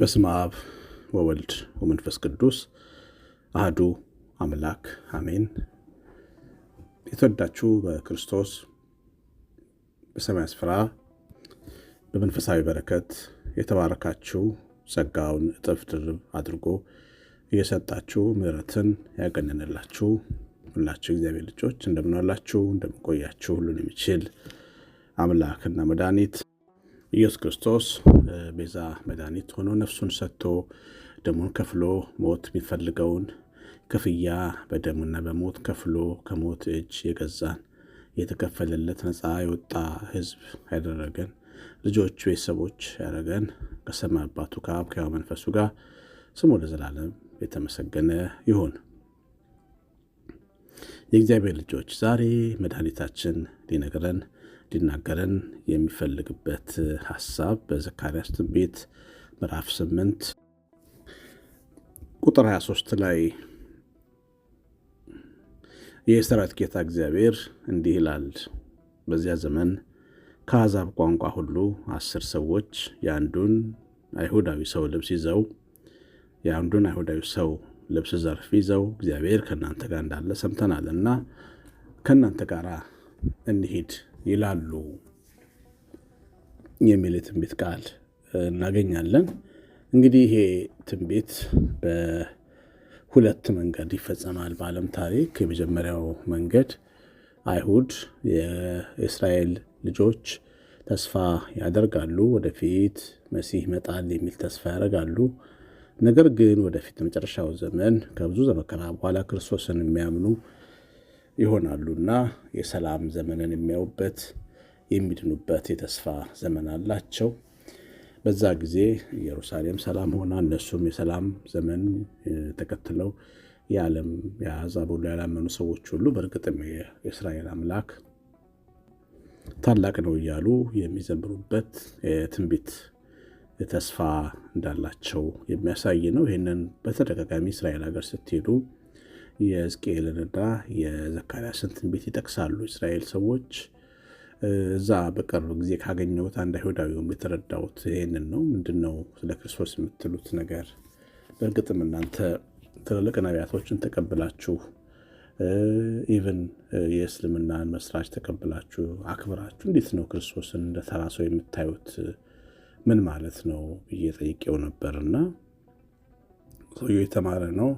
በስመ አብ ወወልድ ወመንፈስ ቅዱስ አህዱ አምላክ አሜን። የተወዳችሁ በክርስቶስ በሰማይ ስፍራ በመንፈሳዊ በረከት የተባረካችሁ ጸጋውን እጥፍ ድርብ አድርጎ እየሰጣችሁ ምሕረትን ያገነነላችሁ ሁላችሁ እግዚአብሔር ልጆች እንደምናላችሁ እንደምቆያችሁ ሁሉን የሚችል አምላክና መድኃኒት ኢየሱስ ክርስቶስ ቤዛ መድኃኒት ሆኖ ነፍሱን ሰጥቶ ደሙን ከፍሎ ሞት የሚፈልገውን ክፍያ በደሙና በሞት ከፍሎ ከሞት እጅ የገዛን የተከፈለለት ነፃ የወጣ ሕዝብ ያደረገን ልጆቹ ቤተሰቦች ያደረገን ከሰማይ አባቱ ከአብ ከሕያው መንፈሱ ጋር ስሙ ለዘላለም የተመሰገነ ይሁን። የእግዚአብሔር ልጆች ዛሬ መድኃኒታችን ሊነግረን ሊናገረን የሚፈልግበት ሀሳብ በዘካርያስ ትንቢት ምዕራፍ 8 ቁጥር 23 ላይ የሰራዊት ጌታ እግዚአብሔር እንዲህ ይላል፣ በዚያ ዘመን ከአዛብ ቋንቋ ሁሉ አስር ሰዎች የአንዱን አይሁዳዊ ሰው ልብስ ይዘው የአንዱን አይሁዳዊ ሰው ልብስ ዘርፍ ይዘው እግዚአብሔር ከእናንተ ጋር እንዳለ ሰምተናል እና ከእናንተ ጋር እንሂድ ይላሉ የሚል ትንቢት ቃል እናገኛለን። እንግዲህ ይሄ ትንቢት በሁለት መንገድ ይፈጸማል በዓለም ታሪክ። የመጀመሪያው መንገድ አይሁድ የእስራኤል ልጆች ተስፋ ያደርጋሉ፣ ወደፊት መሲህ ይመጣል የሚል ተስፋ ያደርጋሉ። ነገር ግን ወደፊት መጨረሻው ዘመን ከብዙ መከራ በኋላ ክርስቶስን የሚያምኑ ይሆናሉና የሰላም ዘመንን የሚያዩበት የሚድኑበት የተስፋ ዘመን አላቸው። በዛ ጊዜ ኢየሩሳሌም ሰላም ሆና እነሱም የሰላም ዘመን ተከትለው የዓለም የአሕዛብ ሁሉ ያላመኑ ሰዎች ሁሉ በእርግጥም የእስራኤል አምላክ ታላቅ ነው እያሉ የሚዘምሩበት የትንቢት ተስፋ እንዳላቸው የሚያሳይ ነው። ይህንን በተደጋጋሚ እስራኤል ሀገር ስትሄዱ የሕዝቅኤልንና የዘካርያስን ትንቢት ይጠቅሳሉ። እስራኤል ሰዎች እዛ በቅርብ ጊዜ ካገኘሁት አንድ አይሁዳዊውም የተረዳሁት ይህንን ነው። ምንድን ነው ስለ ክርስቶስ የምትሉት ነገር? በእርግጥም እናንተ ትልልቅ ነቢያቶችን ተቀብላችሁ ኢቨን የእስልምናን መስራች ተቀብላችሁ አክብራችሁ እንዴት ነው ክርስቶስን እንደ ተራ ሰው የምታዩት? ምን ማለት ነው ብዬ ጠይቄው ነበር እና ሰውየው የተማረ ነው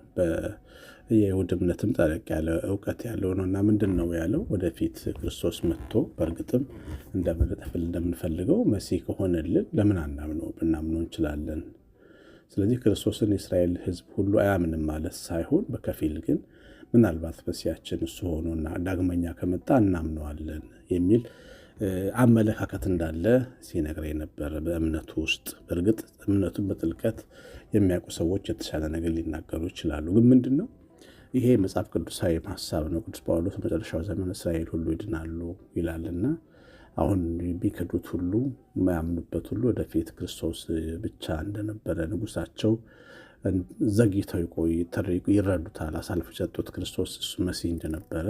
የይሁድ እምነትም ጠለቅ ያለ እውቀት ያለው ነው እና ምንድን ነው ያለው? ወደፊት ክርስቶስ መጥቶ በእርግጥም እንደመለጠፍል እንደምንፈልገው መሲህ ከሆነልን ለምን አናምነው? ብናምነው እንችላለን። ስለዚህ ክርስቶስን የእስራኤል ህዝብ ሁሉ አያምንም ማለት ሳይሆን በከፊል ግን ምናልባት መሲያችን እሱ ሆኖና ዳግመኛ ከመጣ እናምነዋለን የሚል አመለካከት እንዳለ ሲነግረ የነበረ በእምነቱ ውስጥ። በእርግጥ እምነቱን በጥልቀት የሚያውቁ ሰዎች የተሻለ ነገር ሊናገሩ ይችላሉ። ግን ምንድን ነው ይሄ መጽሐፍ ቅዱሳዊ ሀሳብ ነው። ቅዱስ ጳውሎስ መጨረሻው ዘመን እስራኤል ሁሉ ይድናሉ ይላልና አሁን የሚክዱት ሁሉ የማያምኑበት ሁሉ ወደፊት ክርስቶስ ብቻ እንደነበረ ንጉሳቸው ዘግይተው ይቆይ ይረዱታል። አሳልፎ የሰጡት ክርስቶስ እሱ መሲህ እንደነበረ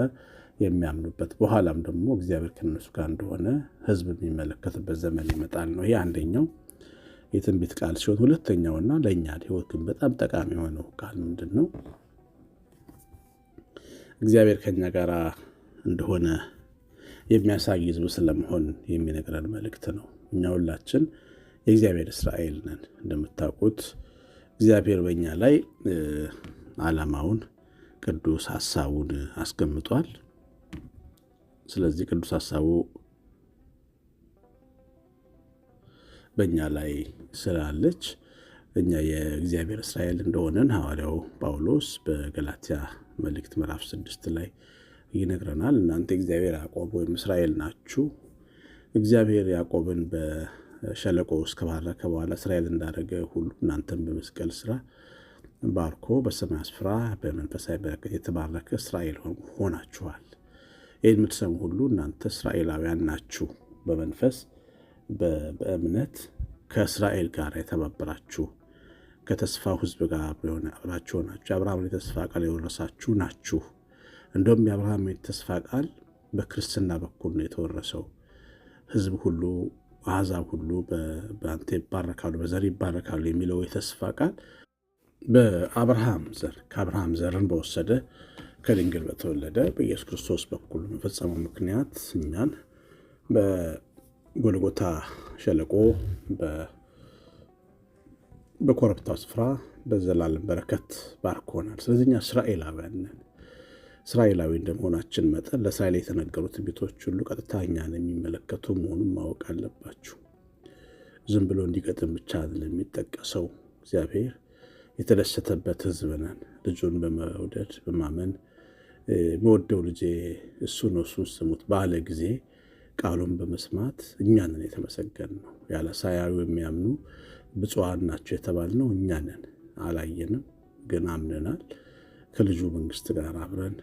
የሚያምኑበት በኋላም ደግሞ እግዚአብሔር ከነሱ ጋር እንደሆነ ህዝብ የሚመለከትበት ዘመን ይመጣል ነው። ይህ አንደኛው የትንቢት ቃል ሲሆን ሁለተኛውና ለእኛ ህይወት ግን በጣም ጠቃሚ የሆነው ቃል ምንድን ነው? እግዚአብሔር ከኛ ጋር እንደሆነ የሚያሳይ ህዝብ ስለመሆን የሚነግረን መልእክት ነው። እኛ ሁላችን የእግዚአብሔር እስራኤል ነን። እንደምታውቁት እግዚአብሔር በእኛ ላይ ዓላማውን፣ ቅዱስ ሀሳቡን አስቀምጧል። ስለዚህ ቅዱስ ሀሳቡ በእኛ ላይ ስላለች እኛ የእግዚአብሔር እስራኤል እንደሆነን ሐዋርያው ጳውሎስ በገላትያ መልእክት ምዕራፍ ስድስት ላይ ይነግረናል። እናንተ እግዚአብሔር ያዕቆብ ወይም እስራኤል ናችሁ። እግዚአብሔር ያዕቆብን በሸለቆ ውስጥ ከባረከ በኋላ እስራኤል እንዳደረገ ሁሉ እናንተን በመስቀል ስራ ባርኮ በሰማይ ስፍራ በመንፈሳዊ በረከት የተባረከ እስራኤል ሆናችኋል። ይህን የምትሰሙ ሁሉ እናንተ እስራኤላውያን ናችሁ፣ በመንፈስ በእምነት ከእስራኤል ጋር የተባበራችሁ ከተስፋው ህዝብ ጋር አብራችሁ ናችሁ። የአብርሃምን የተስፋ ቃል የወረሳችሁ ናችሁ። እንደውም የአብርሃም የተስፋ ቃል በክርስትና በኩል ነው የተወረሰው። ህዝብ ሁሉ፣ አሕዛብ ሁሉ በአንተ ይባረካሉ፣ በዘር ይባረካሉ የሚለው የተስፋ ቃል በአብርሃም ዘር ከአብርሃም ዘርን በወሰደ ከድንግል በተወለደ በኢየሱስ ክርስቶስ በኩል መፈጸመው ምክንያት እኛን በጎልጎታ ሸለቆ በኮረብታው ስፍራ በዘላለም በረከት ባርኮናል። ስለዚህ እኛ እስራኤላውያን እስራኤላዊ እንደመሆናችን መጠን ለእስራኤል የተነገሩ ትንቢቶች ሁሉ ቀጥታ እኛን የሚመለከቱ መሆኑን ማወቅ አለባችሁ። ዝም ብሎ እንዲገጥም ብቻ የሚጠቀሰው እግዚአብሔር የተደሰተበት ሕዝብ ነን። ልጁን በመውደድ በማመን መወደው ልጄ እሱ ነው እሱን ስሙት ባለ ጊዜ ቃሉን በመስማት እኛንን የተመሰገን ነው ያለ ሳያዩ የሚያምኑ ብፁዓን ናቸው የተባልነው እኛ ነን። አላየንም፣ ግን አምነናል። ከልጁ መንግስት ጋር አብረን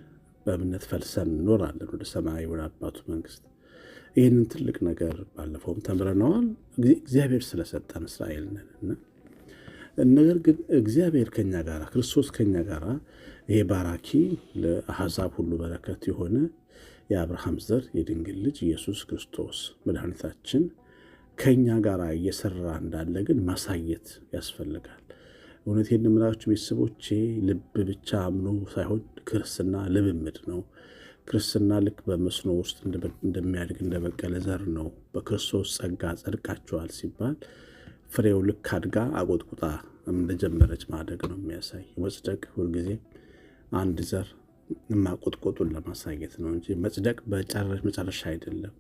በእምነት ፈልሰን እንኖራለን ወደ ሰማያዊ ወደ አባቱ መንግስት። ይህንን ትልቅ ነገር ባለፈውም ተምረነዋል። እግዚአብሔር ስለሰጠን እስራኤል ነን እና ነገር ግን እግዚአብሔር ከኛ ጋር ክርስቶስ ከኛ ጋር ይሄ ባራኪ ለአሕዛብ ሁሉ በረከት የሆነ የአብርሃም ዘር የድንግል ልጅ ኢየሱስ ክርስቶስ መድኃኒታችን ከእኛ ጋር እየሰራ እንዳለ ግን ማሳየት ያስፈልጋል። እውነት የምላችሁ ቤተሰቦቼ፣ ልብ ብቻ አምኖ ሳይሆን ክርስትና ልምምድ ነው። ክርስትና ልክ በመስኖ ውስጥ እንደሚያድግ እንደበቀለ ዘር ነው። በክርስቶስ ጸጋ ጸድቃችኋል ሲባል ፍሬው ልክ አድጋ አቆጥቁጣ እንደጀመረች ማደግ ነው የሚያሳይ። መጽደቅ ሁልጊዜ አንድ ዘር ማቆጥቆጡን ለማሳየት ነው እንጂ መጽደቅ መጨረሻ አይደለም።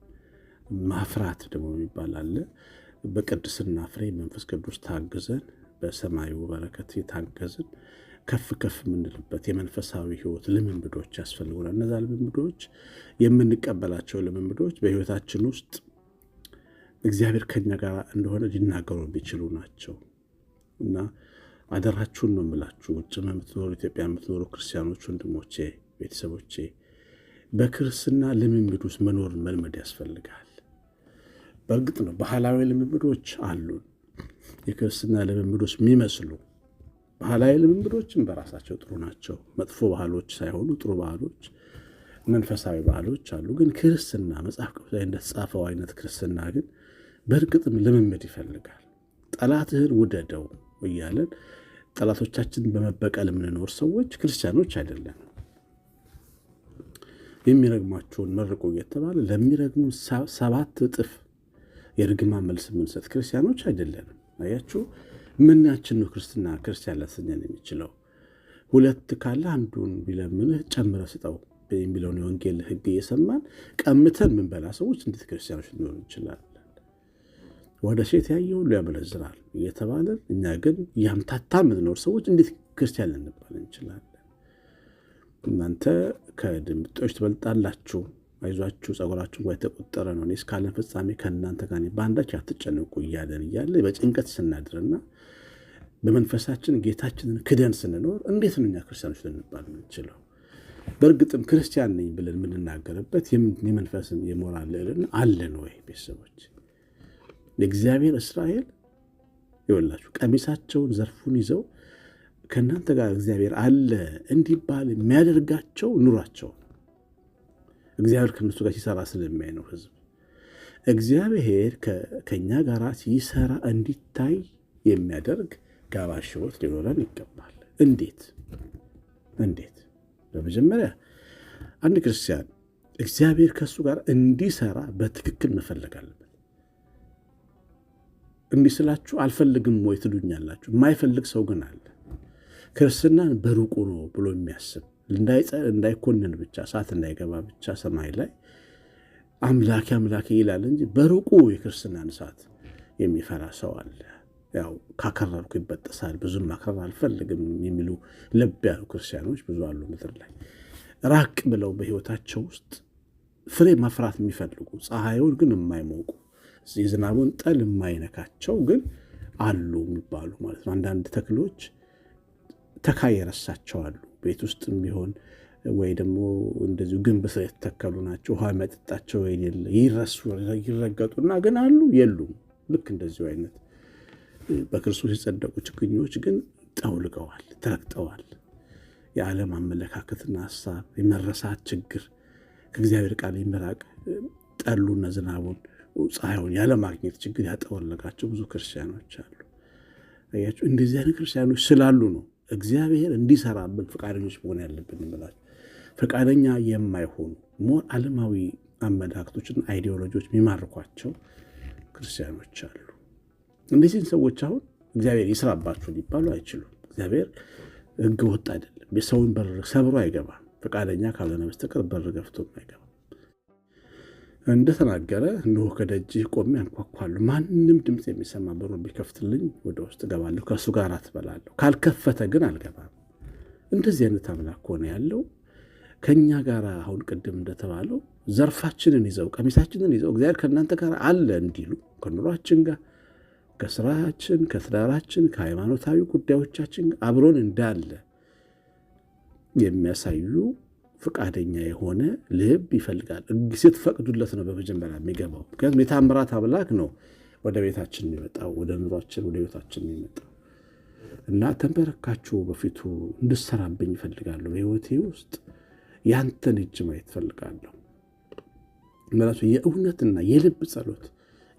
ማፍራት ደግሞ የሚባል አለ። በቅድስና ፍሬ መንፈስ ቅዱስ ታግዘን በሰማዩ በረከት የታገዝን ከፍ ከፍ የምንልበት የመንፈሳዊ ህይወት ልምምዶች ያስፈልጉናል። እነዛ ልምምዶች የምንቀበላቸው ልምምዶች በህይወታችን ውስጥ እግዚአብሔር ከኛ ጋር እንደሆነ ሊናገሩ የሚችሉ ናቸው እና አደራችሁን ነው የምላችሁ። ውጭ የምትኖሩ ኢትዮጵያ የምትኖሩ ክርስቲያኖች ወንድሞቼ፣ ቤተሰቦቼ በክርስትና ልምምድ ውስጥ መኖርን መልመድ ያስፈልጋል። በእርግጥ ነው ባህላዊ ልምምዶች አሉን፣ የክርስትና ልምምዶች የሚመስሉ ባህላዊ ልምምዶችን በራሳቸው ጥሩ ናቸው። መጥፎ ባህሎች ሳይሆኑ ጥሩ ባህሎች፣ መንፈሳዊ ባህሎች አሉ። ግን ክርስትና መጽሐፍ ቅዱስ ላይ እንደተጻፈው አይነት ክርስትና ግን በእርግጥም ልምምድ ይፈልጋል። ጠላትህን ውደደው እያለን ጠላቶቻችንን በመበቀል የምንኖር ሰዎች ክርስቲያኖች አይደለም። የሚረግማቸውን መርቁ እየተባለ ለሚረግሙ ሰባት እጥፍ የርግማን መልስ የምንሰጥ ክርስቲያኖች አይደለንም። አያችሁ፣ ምናችን ነው ክርስትና ክርስቲያን ሊያሰኘን የሚችለው? ሁለት ካለ አንዱን ቢለምንህ ጨምረ ስጠው የሚለውን የወንጌል ሕግ እየሰማን ቀምተን ምንበላ ሰዎች እንዴት ክርስቲያኖች ሊሆን ይችላል? ወደ ሴት ያየ ሁሉ ያመለዝናል እየተባለን እኛ ግን ያምታታ ምንኖር ሰዎች እንዴት ክርስቲያን ልንባል እንችላለን? እናንተ ከድምጦች ትበልጣላችሁ አይዟችሁ ጸጉራችሁ ጋር የተቆጠረ ነው፣ እስካለን ፍጻሜ ከእናንተ ጋር በአንዳች አትጨንቁ እያለን እያለ በጭንቀት ስናድርና በመንፈሳችን ጌታችንን ክደን ስንኖር እንዴት ነው እኛ ክርስቲያኖች ልንባል የምንችለው? በእርግጥም ክርስቲያን ነኝ ብለን የምንናገርበት የመንፈስን የሞራል ልዕልን አለን ወይ? ቤተሰቦች የእግዚአብሔር እስራኤል ይወላችሁ ቀሚሳቸውን ዘርፉን ይዘው ከእናንተ ጋር እግዚአብሔር አለ እንዲባል የሚያደርጋቸው ኑሯቸው እግዚአብሔር ከነሱ ጋር ሲሰራ ስለሚያይ ነው። ህዝብ እግዚአብሔር ከእኛ ጋር ሲሰራ እንዲታይ የሚያደርግ ጋባዥ ሕይወት ሊኖረን ይገባል። እንዴት እንዴት? በመጀመሪያ አንድ ክርስቲያን እግዚአብሔር ከእሱ ጋር እንዲሰራ በትክክል መፈለግ አለበት። እንዲስላችሁ አልፈልግም ወይ ትሉኛላችሁ። የማይፈልግ ሰው ግን አለ። ክርስትናን በሩቁ ነው ብሎ የሚያስብ እንዳይኮንን ብቻ እሳት እንዳይገባ ብቻ ሰማይ ላይ አምላኬ አምላኬ ይላል እንጂ በሩቁ የክርስትናን እሳት የሚፈራ ሰው አለ። ያው ካከረርኩ ይበጠሳል፣ ብዙም ማክረር አልፈልግም የሚሉ ልብ ያሉ ክርስቲያኖች ብዙ አሉ ምድር ላይ ራቅ ብለው በህይወታቸው ውስጥ ፍሬ መፍራት የሚፈልጉ ፀሐዩን ግን የማይሞቁ የዝናቡን ጠል የማይነካቸው ግን አሉ የሚባሉ ማለት ነው። አንዳንድ ተክሎች ተካ የረሳቸው አሉ። ቤት ውስጥም ቢሆን ወይ ደግሞ እንደዚሁ ግንብ ስር የተተከሉ ናቸው። ውሃ መጠጣቸው የሌለ ይረሱ ይረገጡና ግን አሉ የሉም። ልክ እንደዚሁ አይነት በክርስቶስ የጸደቁ ችግኞች ግን ጠውልገዋል፣ ተረግጠዋል። የዓለም አመለካከትና ሀሳብ የመረሳት ችግር፣ ከእግዚአብሔር ቃል የመራቅ ጠሉና ዝናቡን ፀሐዩን ያለማግኘት ችግር ያጠወለጋቸው ብዙ ክርስቲያኖች አሉ። አያችሁ፣ እንደዚህ አይነት ክርስቲያኖች ስላሉ ነው እግዚአብሔር እንዲሰራብን ፈቃደኞች መሆን ያለብን ይመላል። ፈቃደኛ የማይሆኑ ሞር ዓለማዊ አመላክቶችን አይዲዮሎጂዎች የሚማርኳቸው ክርስቲያኖች አሉ። እነዚህን ሰዎች አሁን እግዚአብሔር ይስራባችሁ ሊባሉ አይችሉም። እግዚአብሔር ሕገ ወጥ አይደለም። የሰውን በር ሰብሮ አይገባም። ፈቃደኛ ካልሆነ በስተቀር በር ገፍቶ አይገባም። እንደተናገረ እንሆ ከደጅህ ቆሜ አንኳኳለሁ። ማንም ድምፅ የሚሰማ በሩን ቢከፍትልኝ ወደ ውስጥ እገባለሁ፣ ከእሱ ጋር አትበላለሁ ካልከፈተ ግን አልገባም። እንደዚህ አይነት አምላክ ሆነ ያለው ከእኛ ጋር አሁን ቅድም እንደተባለው ዘርፋችንን ይዘው ቀሚሳችንን ይዘው እግዚአብሔር ከእናንተ ጋር አለ እንዲሉ ከኑሯችን ጋር ከስራችን፣ ከትዳራችን፣ ከሃይማኖታዊ ጉዳዮቻችን አብሮን እንዳለ የሚያሳዩ ፍቃደኛ የሆነ ልብ ይፈልጋል። ስትፈቅዱለት ነው በመጀመሪያ የሚገባው። ምክንያቱም የታምራት አምላክ ነው ወደ ቤታችን የሚመጣው ወደ ኑሯችን ወደ ህይወታችን የሚመጣው እና ተንበረካችሁ በፊቱ እንድሰራብኝ ይፈልጋለሁ። በህይወቴ ውስጥ ያንተን እጅ ማየት ይፈልጋለሁ። መላሱ የእውነትና የልብ ጸሎት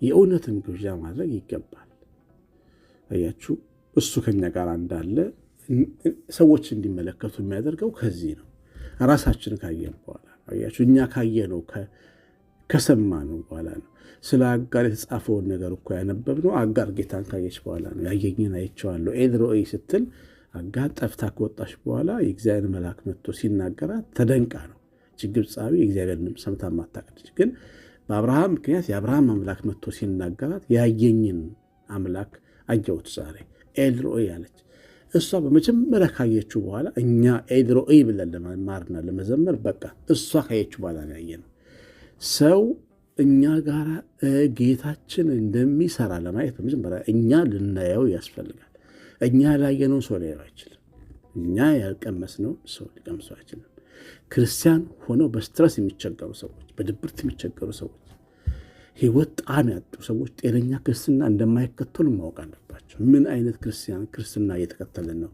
የእውነትን ግብዣ ማድረግ ይገባል። አያችሁ እሱ ከኛ ጋር እንዳለ ሰዎች እንዲመለከቱ የሚያደርገው ከዚህ ነው። ራሳችን ካየን በኋላ አያችሁ፣ እኛ ካየነው ከሰማነው በኋላ ነው። ስለ አጋር የተጻፈውን ነገር እኮ ያነበብነው አጋር ጌታን ካየች በኋላ ነው። ያየኝን አይቼዋለሁ ኤድሮ ስትል አጋር ጠፍታ ከወጣች በኋላ የእግዚአብሔር መልአክ መጥቶ ሲናገራት ተደንቃ ነው። ግብፃዊ የእግዚአብሔር ድምፅ ሰምታ ማታቀደች። ግን በአብርሃም ምክንያት የአብርሃም አምላክ መጥቶ ሲናገራት ያየኝን አምላክ አየሁት ዛሬ ኤል ሮኢ አለች። እሷ በመጀመሪያ ካየችው በኋላ እኛ ኤድሮ ብለን ለመማርና ለመዘመር በቃ እሷ ካየችው በኋላ ያየ ነው። ሰው እኛ ጋር ጌታችን እንደሚሰራ ለማየት በመጀመሪያ እኛ ልናየው ያስፈልጋል። እኛ ያላየነው ሰው ሊያየው አይችልም። እኛ ያልቀመስነው ሰው ሊቀምሰው አይችልም። ክርስቲያን ሆነው በስትረስ የሚቸገሩ ሰዎች፣ በድብርት የሚቸገሩ ሰዎች ህይወት ጣዕም ያጡ ሰዎች ጤነኛ ክርስትና እንደማይከተሉ ማወቅ አለባቸው። ምን አይነት ክርስቲያን ክርስትና እየተከተልን ነው?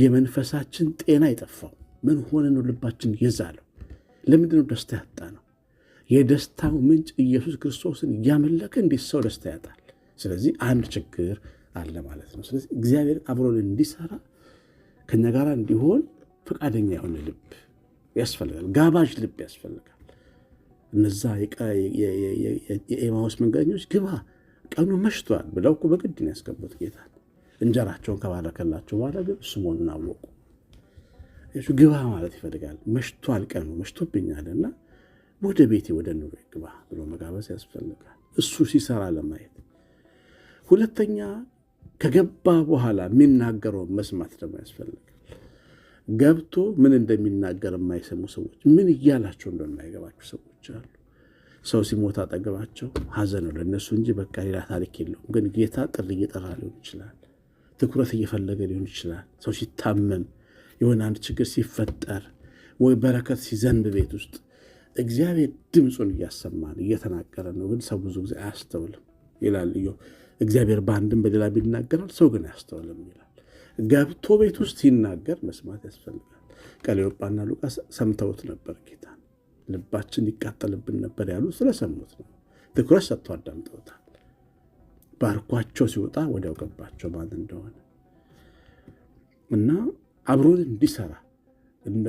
የመንፈሳችን ጤና የጠፋው ምን ሆነ ነው? ልባችን የዛለው ለምንድነው ደስታ ያጣ ነው። የደስታው ምንጭ ኢየሱስ ክርስቶስን እያመለከ እንዴት ሰው ደስታ ያጣል? ስለዚህ አንድ ችግር አለ ማለት ነው። ስለዚህ እግዚአብሔር አብሮን እንዲሰራ ከኛ ጋር እንዲሆን ፈቃደኛ የሆነ ልብ ያስፈልጋል። ጋባዥ ልብ ያስፈልጋል። እነዛ የኤማውስ መንገደኞች ግባ ቀኑ መሽቷል ብለው እኮ በግድ ነው ያስገቡት ጌታ። እንጀራቸውን ከባረከላቸው በኋላ ግን እሱ መሆኑን አወቁ። እሱ ግባ ማለት ይፈልጋል። መሽቷል፣ ቀኑ መሽቶብኛል እና ወደ ቤቴ ወደ ኑሮ ግባ ብሎ መጋበዝ ያስፈልጋል። እሱ ሲሰራ ለማየት ሁለተኛ ከገባ በኋላ የሚናገረውን መስማት ደግሞ ያስፈልጋል። ገብቶ ምን እንደሚናገር የማይሰሙ ሰዎች፣ ምን እያላቸው እንደማይገባቸው ሰዎች አሉ። ሰው ሲሞት አጠገባቸው ሀዘን ነው ለእነሱ እንጂ በቃ ሌላ ታሪክ የለውም። ግን ጌታ ጥሪ እየጠራ ሊሆን ይችላል። ትኩረት እየፈለገ ሊሆን ይችላል። ሰው ሲታመም፣ የሆነ አንድ ችግር ሲፈጠር፣ ወይ በረከት ሲዘንብ ቤት ውስጥ እግዚአብሔር ድምፁን እያሰማን እየተናገረ ነው። ግን ሰው ብዙ ጊዜ አያስተውልም ይላል እግዚአብሔር በአንድም በሌላ ይናገራል፣ ሰው ግን አያስተውልም ይላል። ገብቶ ቤት ውስጥ ሲናገር መስማት ያስፈልጋል። ቀሌዮጳና ሉቃስ ሰምተውት ነበር ጌታ ልባችን ይቃጠልብን ነበር ያሉ ስለሰሙት ነው። ትኩረት ሰጥቶ አዳምጠውታል። ባርኳቸው ሲወጣ ወዲያው ገባቸው ማን እንደሆነ እና አብሮን እንዲሰራ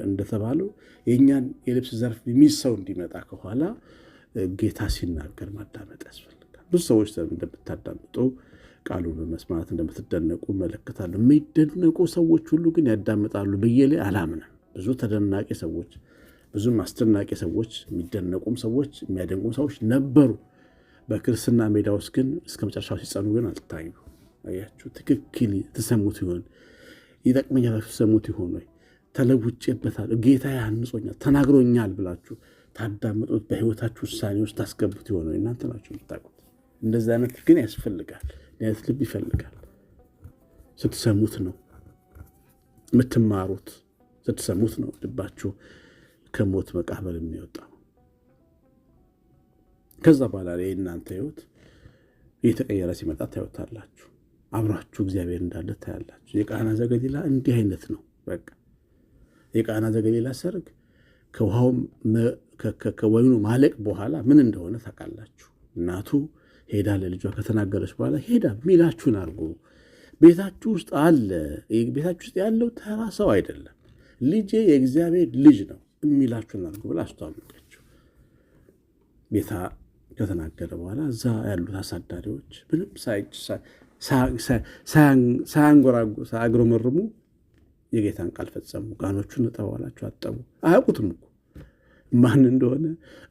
እንደተባለው የእኛን የልብስ ዘርፍ የሚይዝ ሰው እንዲመጣ ከኋላ ጌታ ሲናገር ማዳመጥ ያስፈልጋል። ብዙ ሰዎች እንደምታዳምጡ ቃሉ በመስማት እንደምትደነቁ እመለከታለሁ። የሚደነቁ ሰዎች ሁሉ ግን ያዳምጣሉ ብዬ ላይ አላምንም። ብዙ ተደናቂ ሰዎች፣ ብዙም አስደናቂ ሰዎች፣ የሚደነቁም ሰዎች፣ የሚያደንቁም ሰዎች ነበሩ። በክርስትና ሜዳ ውስጥ ግን እስከ መጨረሻው ሲጸኑ ግን አልታዩ። አያችሁ፣ ትክክል ተሰሙት ይሆን? ይጠቅመኛል ተሰሙት ይሆን ወይ? ተለውጬበታል፣ ጌታ አንጾኛል ተናግሮኛል ብላችሁ ታዳምጡት፣ በህይወታችሁ ውሳኔ ውስጥ ታስገቡት ይሆን? እናንተ ናችሁ የምታውቁት። እንደዚህ አይነት ግን ያስፈልጋል። ምክንያት ልብ ይፈልጋል። ስትሰሙት ነው የምትማሩት። ስትሰሙት ነው ልባችሁ ከሞት መቃበል የሚወጣው። ከዛ በኋላ ላይ እናንተ ህይወት እየተቀየረ ሲመጣ ታዩታላችሁ። አብራችሁ እግዚአብሔር እንዳለ ታያላችሁ። የቃና ዘገሊላ እንዲህ አይነት ነው። በቃ የቃና ዘገሊላ ሰርግ ከውሃውም ከወይኑ ማለቅ በኋላ ምን እንደሆነ ታውቃላችሁ። እናቱ ሄዳ ለልጇ ከተናገረች በኋላ ሄዳ ሚላችሁን አድርጉ። ቤታችሁ ውስጥ አለ። ቤታችሁ ውስጥ ያለው ተራ ሰው አይደለም፣ ልጄ የእግዚአብሔር ልጅ ነው፣ የሚላችሁን አድርጉ ብላ አስተዋወቀችው። ቤታ ከተናገረ በኋላ እዛ ያሉት አሳዳሪዎች ምንም ሳያንጎራጉሩ የጌታን ቃል ፈጸሙ። ጋኖቹን እጠበዋላቸው አጠቡ። አያውቁትም እኮ ማን እንደሆነ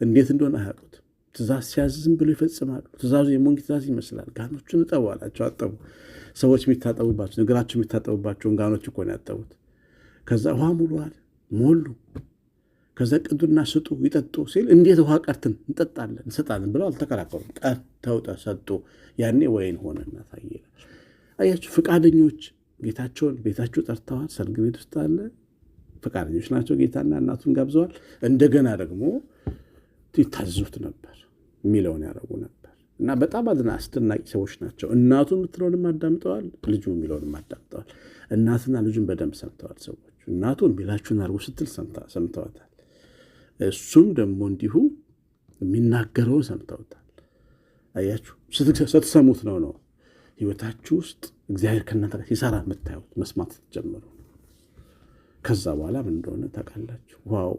እንዴት እንደሆነ አያውቁትም። ትእዛዝ ሲያዝ ዝም ብሎ ይፈጽማሉ። ትእዛዙ የሞንክ ትእዛዝ ይመስላል። ጋኖቹን እጠቡ አላቸው፣ አጠቡ። ሰዎች የሚታጠቡባቸው እግራቸው የሚታጠቡባቸውን ጋኖች እኮ ነው ያጠቡት። ከዛ ውሃ ሙሉዋል፣ ሞሉ። ከዛ ቅዱና ስጡ ይጠጡ ሲል እንዴት ውሃ ቀርትን እንጠጣለን እንሰጣለን ብለው አልተከራከሩም። ቀርተው ሰጡ። ያኔ ወይን ሆነና እናሳየ። አያቸው ፈቃደኞች ጌታቸውን ቤታቸው ጠርተዋል። ሰርግ ቤት ውስጥ አለ ፈቃደኞች ናቸው። ጌታና እናቱን ጋብዘዋል። እንደገና ደግሞ ይታዙት ነበር። የሚለውን ያደረጉ ነበር እና በጣም አስደናቂ ሰዎች ናቸው። እናቱ የምትለውንም አዳምጠዋል፣ ልጁ የሚለውንም አዳምጠዋል። እናትና ልጁን በደንብ ሰምተዋል ሰዎች። እናቱ የሚላችሁን አድርጎ ስትል ሰምተዋታል። እሱም ደግሞ እንዲሁ የሚናገረውን ሰምተውታል። አያችሁ፣ ስትሰሙት ነው ነው ህይወታችሁ ውስጥ እግዚአብሔር ከእናንተ ጋር ሲሰራ የምታዩት መስማት ጀምሩ። ከዛ በኋላ ምን እንደሆነ ታውቃላችሁ። ዋው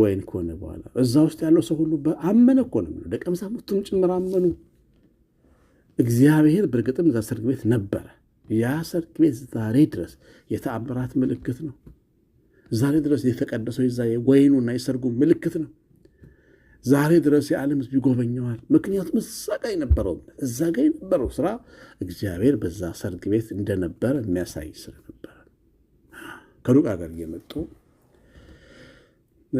ወይን ከሆነ በኋላ እዛ ውስጥ ያለው ሰው ሁሉ አመነ እኮ ነው ደቀ መዛሙርቱም ጭምር አመኑ። እግዚአብሔር በእርግጥም እዛ ሰርግ ቤት ነበረ። ያ ሰርግ ቤት ዛሬ ድረስ የተአምራት ምልክት ነው። ዛሬ ድረስ የተቀደሰው የዛ የወይኑና የሰርጉ ምልክት ነው። ዛሬ ድረስ የዓለም ሕዝብ ይጎበኘዋል። ምክንያቱም እዛ ጋ የነበረው እዛ ጋ የነበረው ስራ እግዚአብሔር በዛ ሰርግ ቤት እንደነበረ የሚያሳይ ስራ ነበረ። ከሩቅ ሀገር እየመጡ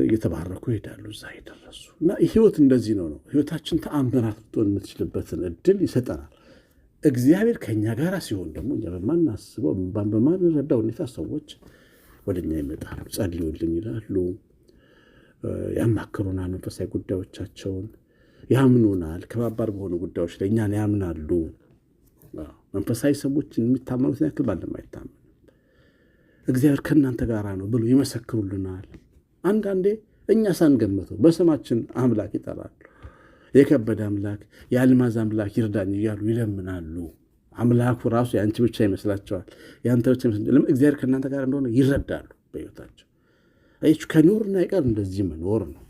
እየተባረኩ ይሄዳሉ። እዛ የደረሱ እና ህይወት እንደዚህ ነው ነው ህይወታችን ተአምራት ልትሆን የምትችልበትን እድል ይሰጠናል። እግዚአብሔር ከእኛ ጋር ሲሆን ደግሞ እኛ በማናስበው በማንረዳ ሁኔታ ሰዎች ወደ እኛ ይመጣሉ፣ ጸልዩልን ይላሉ፣ ያማክሩናል፣ መንፈሳዊ ጉዳዮቻቸውን ያምኑናል። ከባባድ በሆኑ ጉዳዮች ላይ እኛን ያምናሉ። መንፈሳዊ ሰዎች የሚታመኑትን ያክል ባለም አይታመንም። እግዚአብሔር ከእናንተ ጋር ነው ብሎ ይመሰክሩልናል። አንዳንዴ እኛ ሳንገምተው በስማችን አምላክ ይጠራሉ። የከበደ አምላክ፣ የአልማዝ አምላክ ይርዳኝ እያሉ ይለምናሉ። አምላኩ ራሱ የአንቺ ብቻ ይመስላቸዋል፣ የአንተ ብቻ እግዚአብሔር ከእናንተ ጋር እንደሆነ ይረዳሉ በሕይወታቸው። ይች ከኖርና ይቀር እንደዚህ መኖር ነው።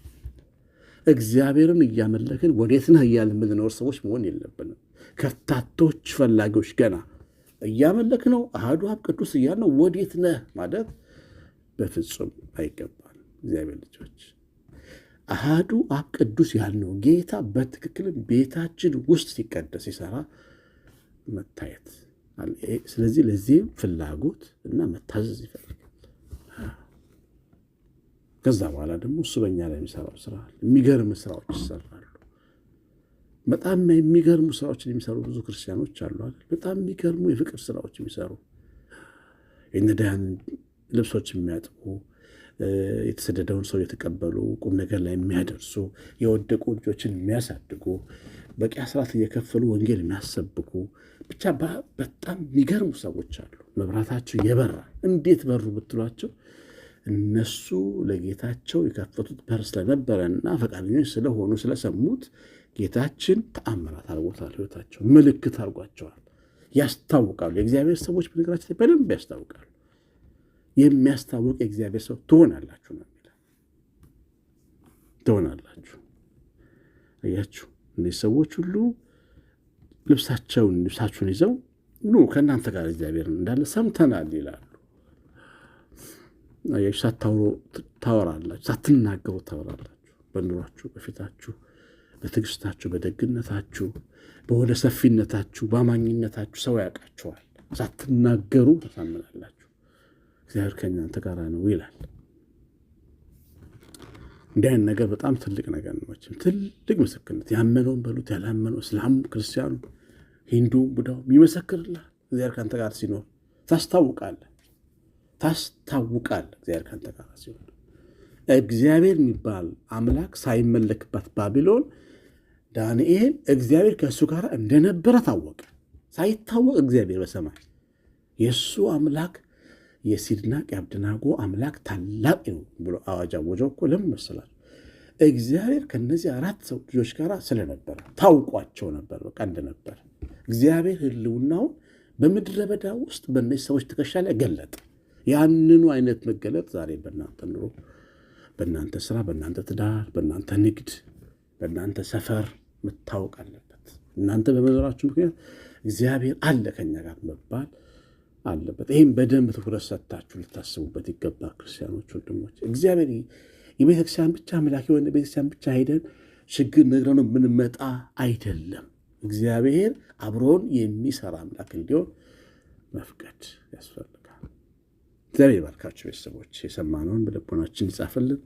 እግዚአብሔርን እያመለክን ወዴት ነህ እያልን የምንኖር ሰዎች መሆን የለብንም። ከታቶች ፈላጊዎች ገና እያመለክ ነው አህዱ አብ ቅዱስ እያልን ነው። ወዴት ነህ ማለት በፍጹም አይገባም። እግዚአብሔር ልጆች አሃዱ አብ ቅዱስ ያልነው ጌታ በትክክልም ቤታችን ውስጥ ሲቀደስ ሲሰራ መታየት ስለዚህ ለዚህም ፍላጎት እና መታዘዝ ይፈልጋል። ከዛ በኋላ ደግሞ እሱ በኛ ላይ የሚሰራው ስራ የሚገርም ስራዎች ይሰራሉ። በጣም የሚገርሙ ስራዎችን የሚሰሩ ብዙ ክርስቲያኖች አሉ። በጣም የሚገርሙ የፍቅር ስራዎች የሚሰሩ የነዳያን ልብሶች የሚያጥቡ የተሰደደውን ሰው የተቀበሉ ቁም ነገር ላይ የሚያደርሱ የወደቁ ልጆችን የሚያሳድጉ በቂ አስራት እየከፈሉ ወንጌል የሚያሰብኩ ብቻ በጣም የሚገርሙ ሰዎች አሉ። መብራታቸው የበራ እንዴት በሩ ብትሏቸው እነሱ ለጌታቸው የከፈቱት በር ስለነበረና ፈቃደኞች ስለሆኑ ስለሰሙት ጌታችን ተአምራት አድርጎታል። ህይወታቸው ምልክት አድርጓቸዋል። ያስታውቃሉ። የእግዚአብሔር ሰዎች በነገራችን በደንብ ያስታውቃሉ። የሚያስታውቅ የእግዚአብሔር ሰው ትሆናላችሁ ነው የሚለው። ትሆናላችሁ። አያችሁ፣ እነዚህ ሰዎች ሁሉ ልብሳቸውን ልብሳችሁን ይዘው ኑ ከእናንተ ጋር እግዚአብሔር እንዳለ ሰምተናል ይላሉ። አያችሁ፣ ታወራላችሁ፣ ሳትናገሩ ታወራላችሁ። በኑሯችሁ፣ በፊታችሁ፣ በትዕግስታችሁ፣ በደግነታችሁ፣ በሆደ ሰፊነታችሁ፣ በአማኝነታችሁ ሰው ያውቃችኋል። ሳትናገሩ ተሳምናላችሁ። እግዚአብሔር ከእናንተ ጋር ነው ይላል። እንዲህ አይነት ነገር በጣም ትልቅ ነገር ነው። ትልቅ ምስክርነት ያመነውን በሉት ያላመነው እስላሙ፣ ክርስቲያኑ፣ ሂንዱ፣ ቡዳው ይመሰክርልሃል። እግዚአብሔር ከአንተ ጋር ሲኖር ታስታውቃለ ታስታውቃለ። እግዚአብሔር ከአንተ ጋር ሲኖር እግዚአብሔር የሚባል አምላክ ሳይመለክባት ባቢሎን ዳንኤል እግዚአብሔር ከእሱ ጋር እንደነበረ ታወቀ። ሳይታወቅ እግዚአብሔር በሰማይ የእሱ አምላክ የሲድላቅ የአብደናጎ አምላክ ታላቅ ነው ብሎ አዋጅ አወጀው እኮ ለምን መሰላል? እግዚአብሔር ከነዚህ አራት ሰው ልጆች ጋር ስለነበረ ታውቋቸው ነበር። በቃ እንደነበር እግዚአብሔር ህልውናውን በምድረ በዳ ውስጥ በእነዚህ ሰዎች ትከሻ ላይ ገለጠ። ያንኑ አይነት መገለጥ ዛሬ በእናንተ ኑሮ፣ በእናንተ ስራ፣ በእናንተ ትዳር፣ በእናንተ ንግድ፣ በእናንተ ሰፈር መታወቅ አለበት። እናንተ በመኖራችሁ ምክንያት እግዚአብሔር አለ ከኛ ጋር መባል አለበት። ይህም በደንብ ትኩረት ሰጥታችሁ ልታስቡበት ይገባል። ክርስቲያኖች ወንድሞች፣ እግዚአብሔር የቤተክርስቲያን ብቻ አምላክ የሆነ ቤተክርስቲያን ብቻ ሄደን ችግር ነግረን የምንመጣ አይደለም። እግዚአብሔር አብሮን የሚሰራ አምላክ እንዲሆን መፍቀድ ያስፈልጋል። እግዚአብሔር ይባርካችሁ ቤተሰቦች። የሰማነውን በልቦናችን ይጻፍልን፣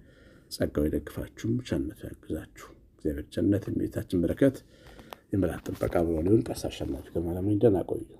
ጸጋው ይደግፋችሁ፣ ቸርነቱ ያግዛችሁ። እግዚአብሔር ቸነት የቤታችን በረከት፣ የመላእክት ጥበቃ ብሎ ሊሆን ቀሲስ አሸናፊ ግርማ ለምን ደህና ቆዩ።